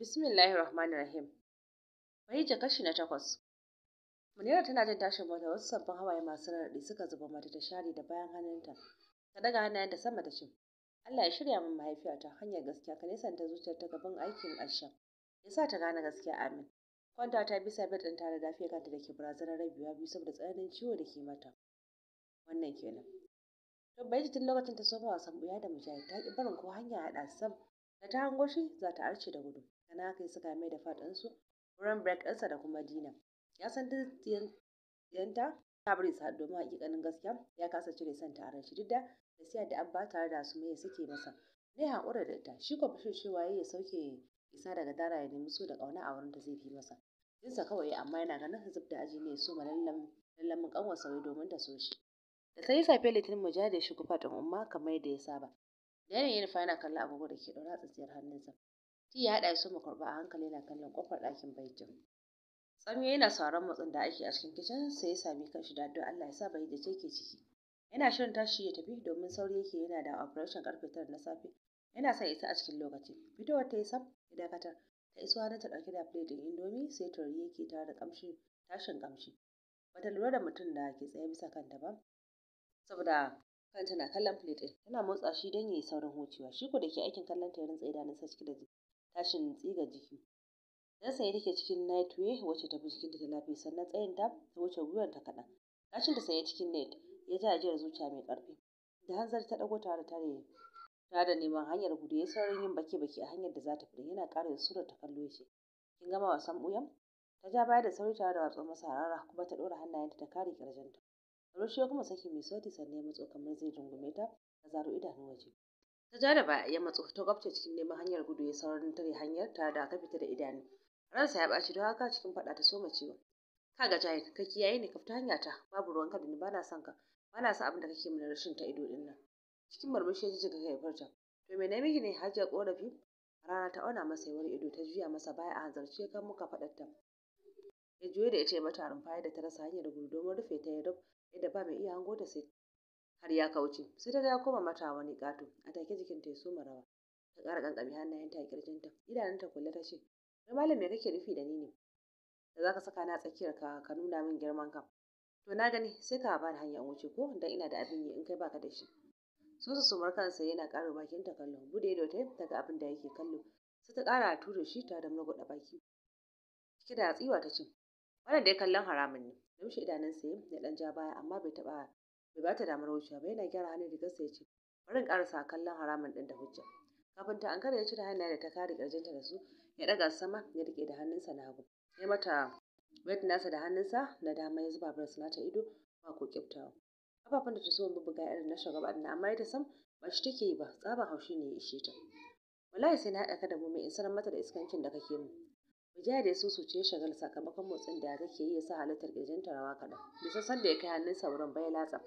Bismillahir Rahmanir Rahim. Bahija kashi na takwas. Munira tana jin tashin mota wasu sabbin hawaye masu raɗi suka zuba mata ta share da bayan hannunta. Ta daga hannayen da sama ta ce, Allah ya shirya min mahaifiya ta hanyar gaskiya ka zuciyar ta gaban aikin ƙarshen. Ya sa ta gane gaskiya amin. Kwanta ta bisa bed ɗin tare da lafiya kanta da ke barazanar rabewa biyu saboda tsananin ciwo da ke mata. Wannan kenan. To bai tun lokacin ta soma wasan buya da mujahid ta ƙi barin ko hanya haɗa sam da ta hango shi za ta arce da gudu. kana haka suka mai da fat ɗinsu wurin break ɗinsa da kuma dina ya san diyanta ta bari su domin hakikanin gaskiya ya kasa cire son ta a shi duk da nasiha da abba tare da su mai suke masa ne haƙura da ita shi ko fashin cewa ya sauke isa daga dara ya nemi so da ƙauna a wurin da zai fi masa jinsa kawai amma yana ganin zub da aji ne so ma lallamin ƙanwar sauyi domin ta so shi da sai safe litinin mujahid shi shigo ɗin umma kamar yadda ya saba da yanayin fa yana kallon agogo da ke ɗaura a tsakiyar hannunsa Ti ya haɗa su makarba a hankali yana kallon ƙofar ɗakin baitin. Tsamiyo yana sauran matsin da ake a cikin kicin sai ya sami kanshi da addu'a Allah ya sa bai da ke ciki. Yana shirin tashi ya tafi domin sauri yake yana da operation karfe tara na safe. Yana sa isa a cikin lokaci. Fitowar ta yi sam ya dakatar. Ta iso ta ɗauki da plate ɗin indomi sai tauri yake tare da ƙamshi tashin ƙamshi. Bata lura da mutum da ke tsaye bisa kanta ba. Saboda kanta na kallon plate ɗin. Tana motsa shi don ya yi saurin hucewa. Shi ko da ke aikin kallon ta ya da idanunsa cike da tashin tsiga jiki dan sanye take cikin night wear wacce ta fi jikinta ta lafiya sannan tsayin ta ta wuce gwiwar ta kaɗan kashin ta sanye cikin net ya ji ajiyar zuciya mai ƙarfi da hanzar ta ɗauko tare da tare tare da neman hanyar gudu ya saurin yin baki baki a hanyar da za ta fita yana ƙara surar ta kallo ce kin gama wasan ɓuyan ta ja baya da sauri tare da watsa masa harara kuma ta ɗora hannayenta ta kare ƙirjinta Rushe kuma saki mai sauti sannan ya matso kamar zai jungume ta ta zaro idanu waje ta ja da baya ya matso ta gwabce cikin neman hanyar gudu ya saurin tare hanyar ta da aka fita da idanu ransa ya ɓaci don haka cikin faɗa ta soma cewa ka ga jahil ka kiyaye ne ka fita hanya ta babu ruwanka da ni ba na son ka ba na sa abin da kake mana rashin ta ido dinnan. cikin murmushi ya cika kai ta to me na miki ne hajjar ƙorafi rana ta auna masa yawar ido ta juya masa baya a hanzarce kan muka faɗa ta ya juye da ita ya mata rumfa da ta rasa hanyar gudu domin rufe ta ya yadda ba mai iya hango ta sai har ya kauce sai ta ya koma mata wani ƙato a take jikin ta ya soma rawa ta ƙara a hannayen ta idanun ta kulle ta ce wai malam me kake nufi da ni ne da zaka saka na tsakiyar ka ka nuna min girman ka to na gani sai ka bani hanyar wuce ko dan ina da abin yi in kai baka da shi so su sumar kansa yana ƙara bakin ta kallo bude ido ta daga abin da yake kallo sai ta ƙara tura shi ta da murguɗa baki cike da tsiwa ta ce wannan ya kallon haramun ne da idanun idanunsa ya ɗan ja baya amma bai taɓa bai bata damar wucewa ba yana gyara hannun rigarsa ya ce bari in karasa kallon haramun ɗin da hujja kafin ta ankara ya cire hannaye da ta kare ƙirjinta da su ya daga sama ya rike da hannunsa na hagu ya mata wet nasa da hannunsa na dama ya zuba na ta ido ba ko kyaftawa kafafun da ta so ga irin na shugaba din amma ita sam ba shi take yi ba tsaban haushi ne ya ishe ta wallahi sai na haɗa ka da mu mai in sanar mata da iskancin da kake mu Bujiya da susuce ya shagal sakamakon motsin da take yi ya sa halittar ƙirjinta rawa kaɗan. Bisa sanda ya kai hannun wurin bai latsa.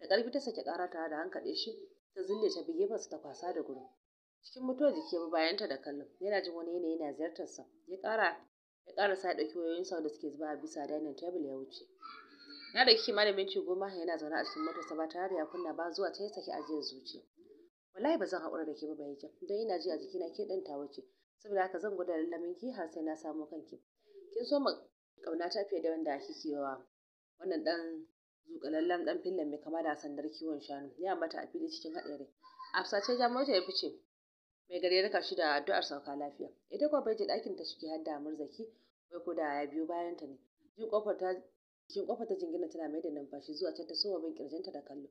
Da ƙarfi ta sake ƙara tare da hankaɗe shi, ta zille ta bi gefensa ta kwasa da gudu. Cikin mutuwar jiki ya bayanta da kallon, yana jin wani yanayi na ziyartarsa. Ya ƙara ya ƙara sa ya ɗauki wayoyin da suke zuba a bisa dining table ya wuce. Na da malamin minti goma yana zaune a cikin motarsa ba tare da ya kunna ba zuwa ta yi saki ajiyar zuciya. Wallahi ba zan haƙura da ke ba bai don ina ji a jikina ke ɗan tawo ce. saboda haka zan gwada lallamin ki har sai na samu kanki kin so mu kauna ta fiye da wanda kike wa wannan dan zuƙalallen dan fillan mai kama da sandar kiwon shanu ya mata a fili cikin haɗari afsa ce jamota ya fice mai gari ya kashi da addu'ar sauka lafiya ita kuwa bai ji dakin ta shige har da murzaki wai ko da ya biyo bayan ta ne jin kofar ta cikin kofar ta jingina tana mai da numfashi zuwa can ta soma bin kirjinta da kallo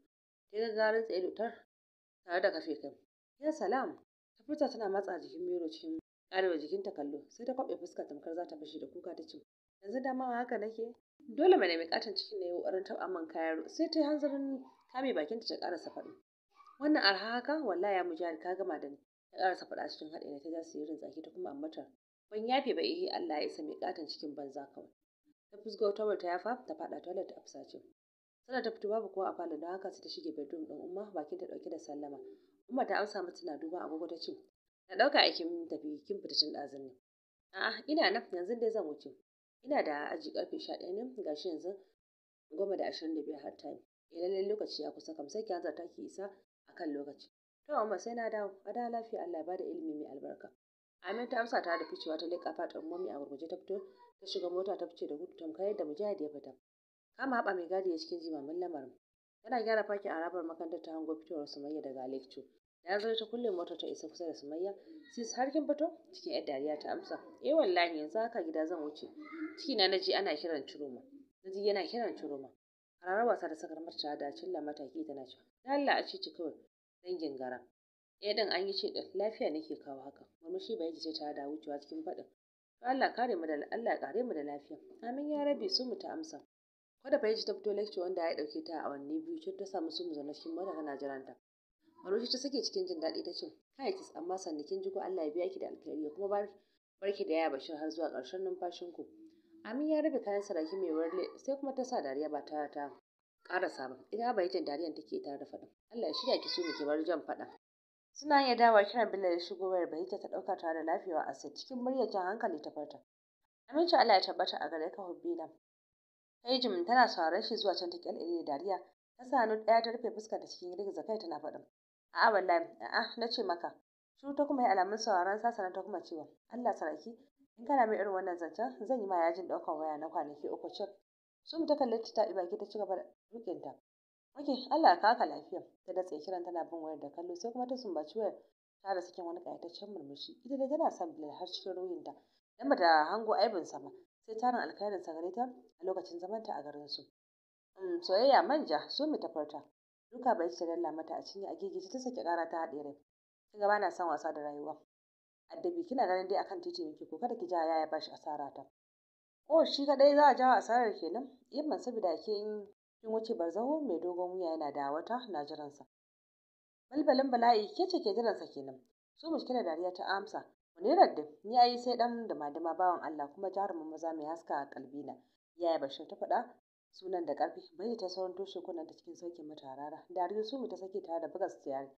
ta ga garin tsaye tare da kafe kai ya salam ta furta tana matsa jikin miro cikin ƙarewa jikinta kallo sai ta kwaɓe fuska tamkar za ta fashe da kuka ta ce yanzu dama haka nake dole mai nemi katon cikin na yi ƙoƙarin taɓa man kayan sai ta yi hanzarin kame bakinta ta ƙarasa faɗi wannan arha haka wallahi ya mujahid ka gama da ni ta ƙarasa faɗa cikin haɗe ta ja sirrin tsaki ta kuma ammatar ban yafe ba eh Allah ya isa mai katon cikin banza kawai ta fusgo wata ta yafa ta faɗa toilet a fusace sana ta fito babu kowa a falon don haka sai ta shige bedroom ɗin umma bakinta ta ɗauke da sallama umma ta amsa mata tana duba agogo ta ce Na ɗauka aikin tafi kin fita tun ɗazun ne. A'a ina nan yanzu dai zan wuce. Ina da aji ƙarfe sha ɗaya ne shi yanzu goma da ashirin da biyar har time. Eh lallai lokaci ya kusa kam sai ki hanzarta ki isa a kan lokaci. To amma sai na dawo a da lafiya Allah ya bada ilimi mai albarka. Amin ta amsa ta da ficewa ta leƙa fatar mami a gurguje ta fito ta shiga mota ta fice da gudu tamkar yadda mujahid ya fita. Kama haɓa mai gadi ya cikin jimamin lamarin. Yana gyara fakin harabar makarantar ta hango fitowar Sumayya daga lecture. zo ta kulle mota ta isa kusa da Sumayya. Sis har kin fito? Cikin yar dariya ta amsa. Eh wallahi yanzu haka gida zan wuce. Ciki na naji ana kiran Ciroma. Naji yana kiran Ciroma. Hararar wasa da sakar mata da cilla mataki tana cewa. Dan Allah a cici kawai dangin gara. Eh din an yi ce da lafiya nake kawo haka. Murmushi bai ce ta da wucewa cikin faɗin. Allah kare mu da Allah kare mu da lafiya. Amin ya rabi su mu ta amsa. Kwada bai ta fito lecture wanda ya dauke ta a awanni biyu ta samu su mu zauna cikin mota kana jiranta. Marushi ta sake cikin jin daɗi ta ce, Kai kis amma sannan kin ji ko Allah ya biya ki da alkhairi kuma bar barki da yaya bashir har zuwa ƙarshen numfashin ku. Amin ya rabe kayan saraki mai warle sai kuma ta sa dariya ba tare ta ƙara sabon Ina bai jin dariyan take tare da faɗin. Allah ya shirya ki su mu ki bar jan faɗa. Suna iya dawa kiran Bello ya shigo wayar Bahita ta ɗauka tare da lafiya a sai cikin muryar jan hankali ta farta. Aminci Allah ya tabbata a gare ka na. Kai jimin tana sauraron shi zuwa can ta kyalƙyale da dariya ta sa hannu ɗaya ta rufe fuskar ta cikin girgiza kai tana faɗin. a'a wallahi a'a na ce maka Su ta kuma yi alamun sauraron sa sannan ta kuma cewa Allah saraki in kana mai irin wannan zancen zan yi ma yajin ɗaukan waya na kwanaki uku cif su ta kalli ta taɓi baki ta cigaba da ta Oke, Allah ka ka lafiya. Ta datse kiran tana bin wayar da kallo sai kuma ta sumbaci wayar ta da sakin wani kayataccen murmushi. Ita dai tana son Bilal har cikin ruhin ta Dan bata hango aibin sama. Sai tarin alkhairin sa gare a lokacin zaman ta a garin su. Mm, soyayya manja su mu farta duka bai ta lalla mata a cinya a gigice ta sake kara ta haɗe rai kin ga bana son wasa da rayuwa addabi kina ganin dai akan titi yake ko kada ki ja yaya bashi asara ta oh shi kadai za a jawo asarar kenan yamman saboda ke in kin wuce barzaho mai dogon wuya yana da wata na jiransa balbalin bala'i ke ce ke jiransa kenan su mushkila dariya ta amsa munirar da ni ayi sai dan da madama bawan Allah kuma jarumin maza mai haska a kalbina yaya bashin ta faɗa sunan da ƙarfi bai ta sauran toshe kunnen ta cikin sauƙin mata rara dariya su ta sake tare da buga su tayar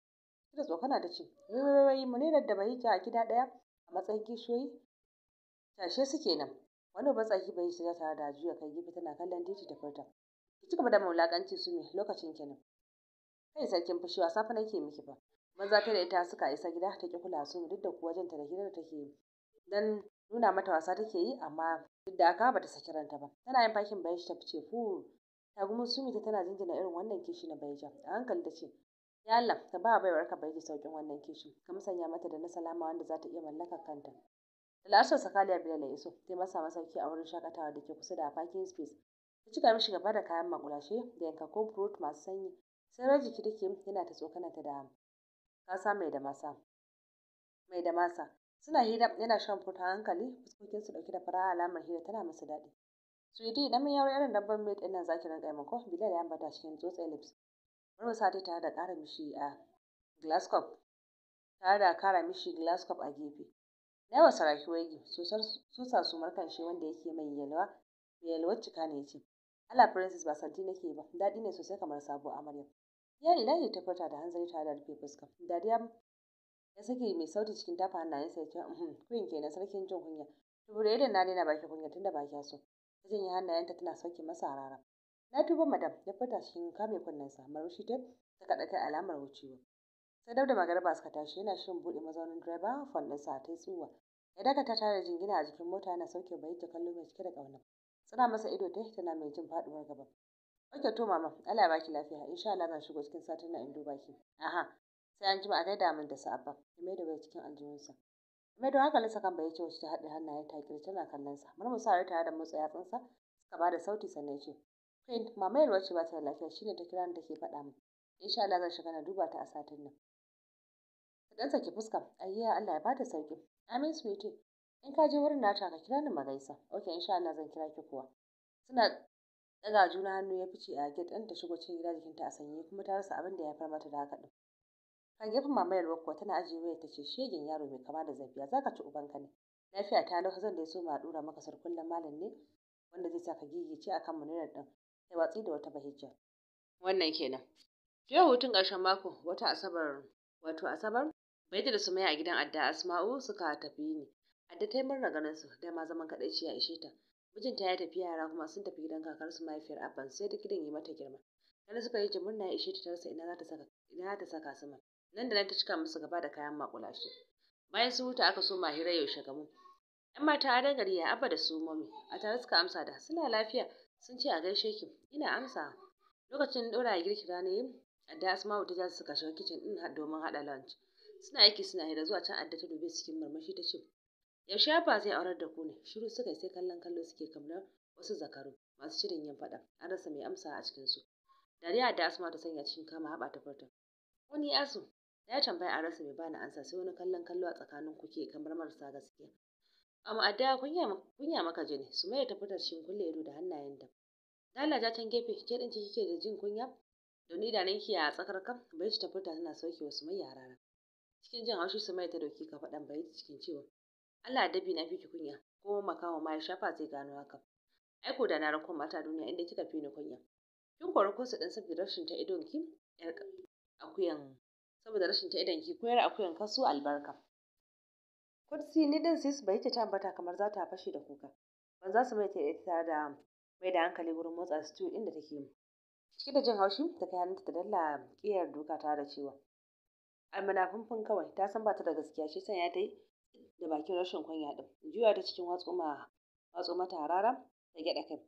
ita tsokana ta ce wai wai mu ne da bai a gida ɗaya a matsayin kishiyoyi tashe su kenan wani abu-tsaki bai shiga tare da juya kai gefe tana kallon titi ta furta ki ci gaba da mulakanci su ne lokacin kenan kai sarkin fushi wasa fa nake miki fa maza ta da ita suka isa gida ta ki kula su duk da kuwa ta da hirar take dan nuna mata wasa take yi amma duk da haka bata saki ranta ba tana yin fakin bayan shi ta fice fu ta gumin sumi ta tana jinjina irin wannan kishi na baija a hankali ta ce ya Allah ta ba baiwar ka baiji saukin wannan kishi ka musanya mata da na salama wanda za ta iya mallaka kanta da lasar sakaliya bilal ya iso ta masa masauki a wurin shakatawa da ke kusa da parking space ta cika mishi gaba da kayan makulashe da yankakkun fruit masu sanyi sai raji kirki yana ta ta da kasa mai da masa mai da masa Suna hira yana shan furta hankali fuskokinsu dauke da fara alamar hira tana masa daɗi. Sweetie idan mun yaro irin dabban mai ɗin nan zaki rinka yi mako, Bilal ya ambata cikin tsotsa lips. Murmusa ta tare da ƙara mishi a Glasgow tare da kara mishi Glasgow a gefe. Na wa saraki waigi sosa su markan shi wanda yake mai yalwa mai yalwar cika ne ce. Allah princess ba santi nake ba daɗi ne sosai kamar sabo amarya. Ya ilahi ta furta da hanzari tare da rufe fuska. Dariya ya sake mai sauti cikin tafa hannayensa ya ce kuyin uhm, kenan sarkin jin kunya tubure idan na na baki kunya tunda ba kya so ta janye hannayenta tana sauke masa harara na tuba madam ya fita cikin kame kunnensa marushi ta ta kada kai alamar wucewa sai dauda da magariba suka tashi yana shirin buɗe mazaunin direba fon sa ta tsuwa ya ta tare da jingina a jikin mota yana sauke bai ta kallo mai cike da kauna tsana masa ido ta tana mai jin faɗuwar gaba Oke to mama, Allah ya baki lafiya. Insha Allah zan shigo cikin satin na in duba ki. Aha, sai an jima a gaida min da sabon ya da bai cikin aljihunsa mai da hankalinsa kan bai ce wacce ta haɗe hannayen ta kira tana kallon sa murmusa har tare da motsa yatsunsa suka ba da sauti sannan ce queen mamayar wacce ba ta da lafiya shine ta kira ni take faɗa min insha Allah zan shiga na duba ta a satin nan ka dan saki fuska ayya Allah ya bata sauki amin sweetie in ka je wurin nata ka kira ni magaisa oke insha Allah zan kira ki kuwa suna ɗaga juna hannu ya fice a gate ɗin ta shigo cikin gida jikinta a sanye kuma ta rasa abin da ya fara mata da haka din kan gefen mamayar kuwa tana ajiye wayar ta ce shegen yaro mai kama da zabiya zaka ci ubanka ne lafiya ta lau zan ya so ma dora maka sarkullan malam ne wanda zai saka gigice akan munirar din sai watsi da wata bahijja wannan kenan jiya hutun ƙarshen mako wata asabar wato asabar bai da Sumaya a gidan Adda Asma'u suka tafi ne. Adda ta yi murna ganin su, da ma zaman ci ya ishe ta. Mijinta ya tafi yara kuma sun tafi gidan kakar su mahaifiyar Abban sai duk gidan yi mata girma. Ganin suka yi ta murna ya ishe ta tarsa ina za ta saka ina nan da nan ta cika musu gaba da kayan makulashe bayan sun huta aka so mahira yaushe gamu yan mata a gari ya abba da su mami a tare suka amsa da suna lafiya sun ce a gaishe ki ina amsa lokacin dora girki rana adda asma'u ta jasu suka shiga kicin din domin hada lunch suna aiki suna hira zuwa can adda ta dube cikin murmushi ta ce yaushe abba zai aurar da ku ne shiru suka sai kallon kallo suke kamar wasu zakaru masu shirin yin faɗa an rasa mai amsa a cikin su dariya da asma ta sanya cikin kama haɓa ta furta wani asu Ya tambaya a rasa bai bani ansa sai wani kallon kallo a tsakanin kuke kamar marasa gaskiya. A ma'ada, kunya maka jini, sumaya ta fitar shin kulle ido da hannayenta. ja can gefe ke din kike da jin kunya? ni da ki a tsakar kan bai ta fita tana sauke wa Sumayya harara. Cikin jin haushi Sumayya ta dauki ka fadan bai cikin cewa Allah dabi na fiki kunya ko makawa ma ya shafa zai gano haka. ko da na rako mata duniya inda kika fi ni kunya. Kin kori ko su dan saboda rashin ta idon ki yar akuyan saboda rashin ta idan ki koyar akuyan kasu albarka kursi ni din sis bai ta tabbata kamar za ta fashe da kuka ban za su mai ta ita da mai da hankali wurin motsa stew inda take cike da jin haushi ta kai hannunta ta dalla kiyar duka ta da cewa almanafin kawai ta san ba ta da gaskiya shi sanya ta yi da bakin rashin kwanya din juya ta cikin watsu mata rara ta gyaɗa kai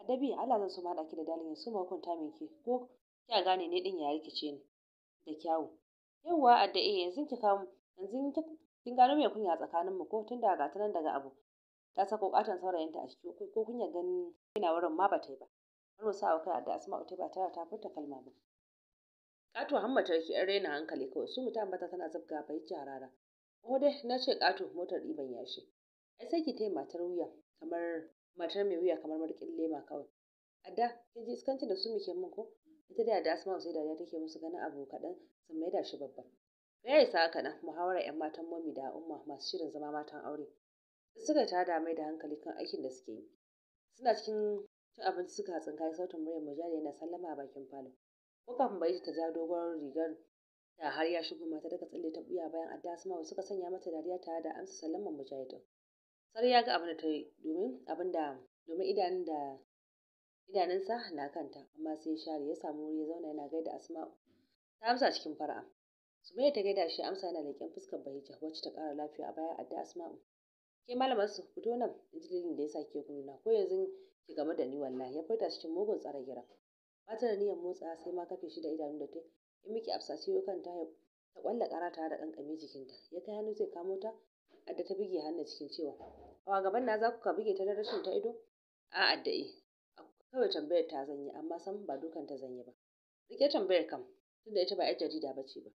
adabi Allah zan su ma ki da dalilin su ma hukunta min ki ko kya gane ne din ya rikice ni da kyawu Yauwa adda eh yanzu ki kawo yanzu kin gano mai kunya tsakanin mu ko tunda ga ta nan daga abu ta sako katon saurayinta a ciki ko kunyar ganin ina wurin ma ba ta yi ba. Murmusawa kai da Asma'u ta ba ta furta kalma ba. Ƙato ta ki ƴan raina hankali kawai su mutum bata tana zabga bai ki harara. Ko dai na ce ƙato motar ɗiban yashi. Ai sai ki taya matar wuya kamar matar mai wuya kamar marƙin lema kawai. Adda kin ji iskanci da su muke min ko ita da da asma sai dariya take musu ganin abu kaɗan sun mai da shi babba ya isa haka nan muhawarar yan matan mami da umma masu shirin zama matan aure suka da mai da hankali kan aikin da suke yi suna cikin cin abinci suka hatsin tsinkaye sautin muryar mujahid yana sallama a bakin falon ko kafin bai ta ja dogon rigar da har ya shigo mata daga tsalle ta buya bayan adda asma suka sanya mata dariya tare da amsa sallamar mujahidin Sar ya ga abin da ta yi domin abin da domin idanun da idanunsa na kanta amma sai share ya samu wuri ya zauna yana gaida asma'u ta amsa cikin fara'a sumayya ta gaida shi amsa yana leƙen fuskar bahija wacce ta ƙara lafiya a bayan adda asma'u ke malamar su fito nan injilin da ya sa ke kununa ko yanzu ki game da ni wallahi ya furta cikin mugun tsare gira ba ta da niyyar motsa sai ma kafe shi da idanun da ta yi miki absace kanta ya ta kwalla kara tare da kankame jikinta ya kai hannu zai kamo ta adda ta bige hannu cikin cewa wa gaban na za ku ka buge ta da rashin ta ido a'a da'i Kawai tambayar ta zan yi amma san ba dukan ta zan yi ba. Rike tambayar kam tunda ita ba 'yar jarida ba ce ba.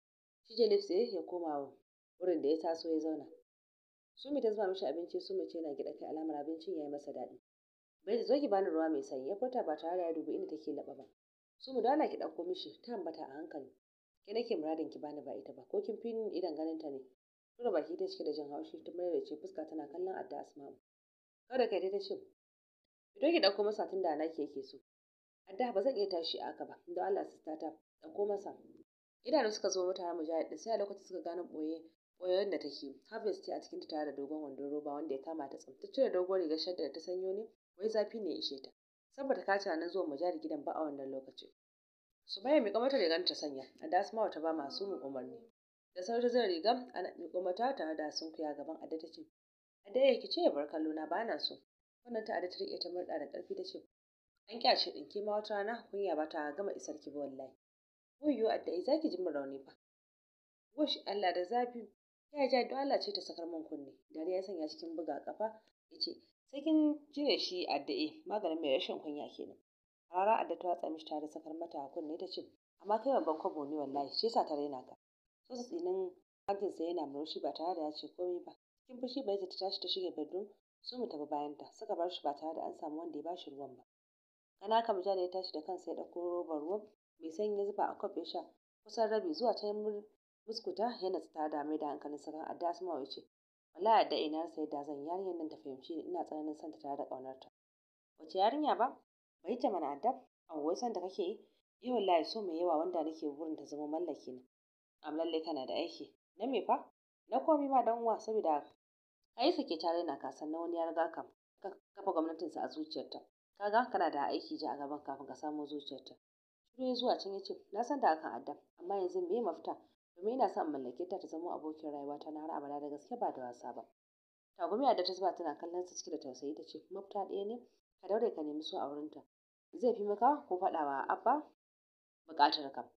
Shi Jalil sai ya koma wurin da ya taso ya zauna. Sumi ta zuba mishi abinci Sumi ce yana gida kai alamar abincin ya yi masa daɗi. Bai zo ki bani ruwa mai sanyi ya furta ba tare da ya dubi inda take laɓa ba. Sumi dana ki ɗauko mishi ta ambata a hankali. Ke nake muradin ki bani ba ita ba ko kin fi ni idan ganin ta ne. Tura baki ta cike da jin haushi ta mayar da ce fuska tana kallon adda Asma'u. Kawai da kai ta ce fito ki ɗauko masa tun da naki yake so a da ba zan iya tashi a haka ba don Allah sista ta ɗauko masa idanu suka zo mutane mu mujahid da sai a lokacin suka gano ɓoye ɓoyen da take harvest a cikin ta tare da dogon wando roba wanda ya kama ta tsam ta cire dogon rigar shadda da ta sanyo ne wai zafi ne ya ishe ta saboda ka tunanin zuwa mujahid gidan ba a wannan lokacin Subaya mi mata rigar ta sanya, a da Asma'u ta ba masu mu umarni. Da sauri zira rigar, ana mi mata tare da sun kuya gaban Adda ta ce, Adda ya ce ya bar kallo na bana so. Wannan ta ta riƙe ta murɗa da ƙarfi ta ce, An ce ɗin kima ma wata rana kunya ba ta gama isar ki wallahi. Wuyyo addu'ai eh, za ki ji min rauni ba. Wash Allah da zafi ya ja don Allah ce ta sakar min kunne. Dariya ya sanya cikin buga kafa ya ce, Sai kin jire shi addu'e eh, maganin mai rashin kunya kenan. Rara adda ta watsa mishi tare sakar mata kunne ta ce, Amma kai babban kwabo ne wallahi shi yasa ta raina ka. Sosa tsinin hankinsa yana murushi ba tare da ya ce komai ba. Cikin fushi bai ta tashi ta shige bedroom su mu tafi bayanta suka bar shi ba tare da an samu wanda ya bashi ruwan ba kana haka mujahid ya tashi da kansa ya dauko robar ruwan mai sanya ya zuba a kwaf ya sha kusan rabi zuwa ta muskuta ya natsu ta mai da hankalin sakan adda asma ya ce wallahi da ina sai da zan yarinyar nan ta fahimci ni ina tsananin santa tare da ta wace yarinya ba bai ta mana adab a wai san da kake yi yi eh, wallahi so mai yawa wanda nake burin ta zama mallaki na am lalle kana da aiki na me fa na komi ma dan uwa saboda yi ke tare na kasan na wani ya riga ka kafa gwamnatinsa a zuciyarta. Kaga kana da aiki ja a gaban kafin ka samo zuciyarta. Shiru ya zuwa can ya ce na san da akan adda. amma yanzu me mafita domin ina son mallake ta ta zama abokin ta na har abada da gaske ba da wasa ba. Tagumi a da ta zuba tana kallon sa cike da tausayi ta ce mafita ɗaya ne ka daure ka nemi su a wurinta. Zai fi maka ko faɗa wa Abba buƙatar ka.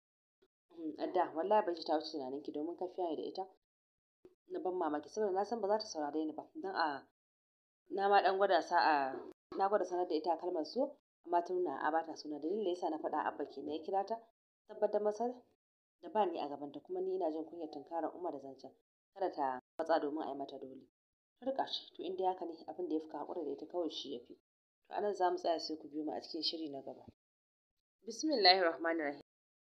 Adda wallahi ban ta wuce tunaninki domin ka fiya da ita na ban mamaki saboda na san ba za ta saurare ni ba don a na ma dan gwada a na gwada sanar da ita a kalmar so amma ta nuna a bata suna dalilin da yasa na faɗa abba ke na ya kira ta tabbatar masa da ba ni a gabanta kuma ni ina jin kunyar tunkarar umar da zancen kada ta matsa domin a yi mata dole ta shi to inda haka ne abin da ya fi haƙura da ita kawai shi ya fi to anan za mu tsaya sai ku biyo mu a cikin shiri na gaba bismillahir rahmanir rahim